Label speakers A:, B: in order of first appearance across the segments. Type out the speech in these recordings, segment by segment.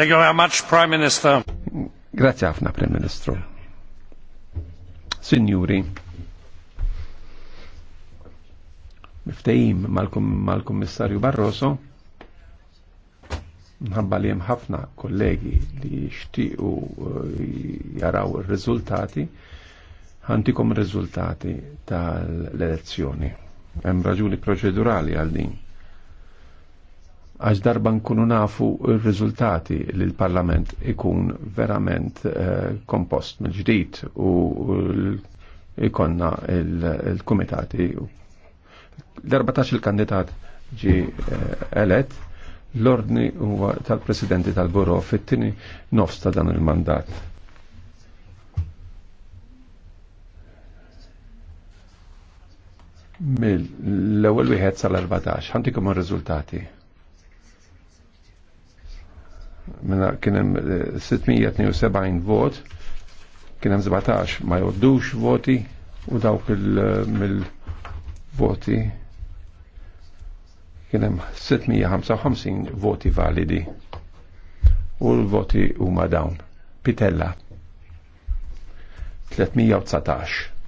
A: Thank you very much, Prime Minister. Grazie ħafna, Prim Ministru. Signuri, miftejim mal-Kommissarju Barroso, nħabba li ħafna kollegi li jixtiequ eh, jaraw il-rizultati, ħantikom il-rizultati tal-elezzjoni. Hemm raġuni proċedurali għal din għax darba nkunu nafu r-riżultati li l-Parlament ikun verament eh, kompost mill-ġdid u ikonna il-komitati. Darba tax il-kandidat ġi eh, elet, l-ordni huwa tal-presidenti tal-buro fit-tini nofs ta' dan il-mandat. Mill l-ewwel wieħed sal-14, ħantikom ir-riżultati. minna kienem 672 vot, kienem 17 ma joddux voti u dawk il-voti kienem 655 voti validi u l-voti huma dawn. Pitella 319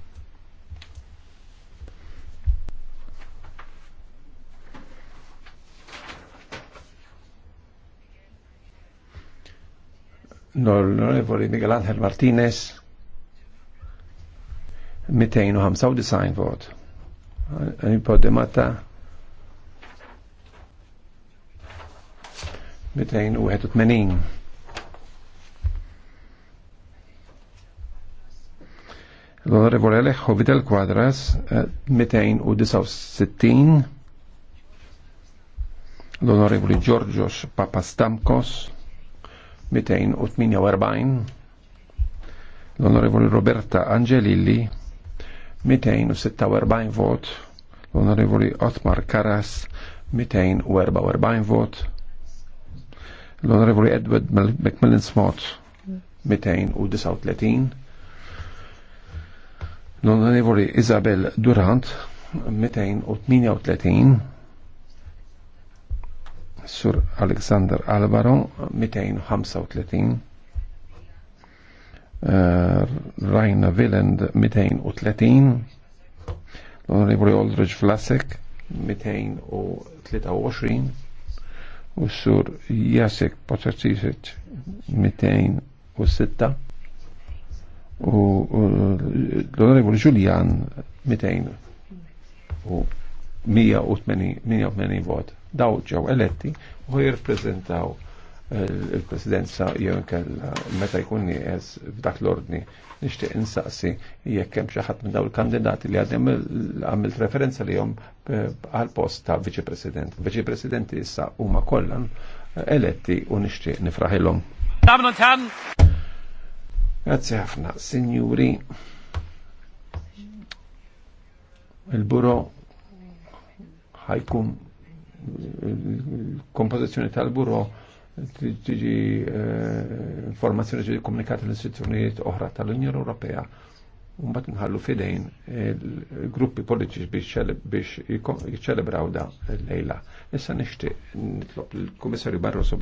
A: l-onorevoli Miguel Angel Martinez 295 vot. Podemata 281. L-onorevole Alejo Vidal Quadras 269. L-onorevole Giorgios Papastamkos 248 l-Onorevoli Roberta Angelilli 246 vot l-Onorevoli Otmar Karas 244 vot l-Onorevoli Edward McMillan Smot 239 l-Onorevoli Isabel Durant 238 Sur Alexander Alvaro 235 uh, eh, Rajna Villand 230 l Aldridge Vlasek 223 u sur Jasek Potatsisic 206 u eh, l-Onorevoli Julian 200 u 180 vot. Daw ġew eletti u jirrepreżentaw eh, il-presidenza jew inkella meta jkun nieqes f'dak l-ordni nixtieq insaqsi jekk hemm xi ħadd minn dawn il-kandidati li għadhem għamilt referenza li jom eh, għal post ta' viċi-president. Viċi-presidenti issa huma kollha eh, eletti u nixtieq nifraħilhom. Grazzi ħafna, sinjuri. Il-buro ħajkun il-kompożizzjoni tal-buro tiġi eh, informazzjoni ġi komunikati l-istituzzjonijiet oħra tal-Unjoni Ewropea mbagħad nħallu fidejn il-gruppi politiċi biex jiċċelebraw da l-lejla. Issa nixtieq nitlob il-Kummissarju Barroso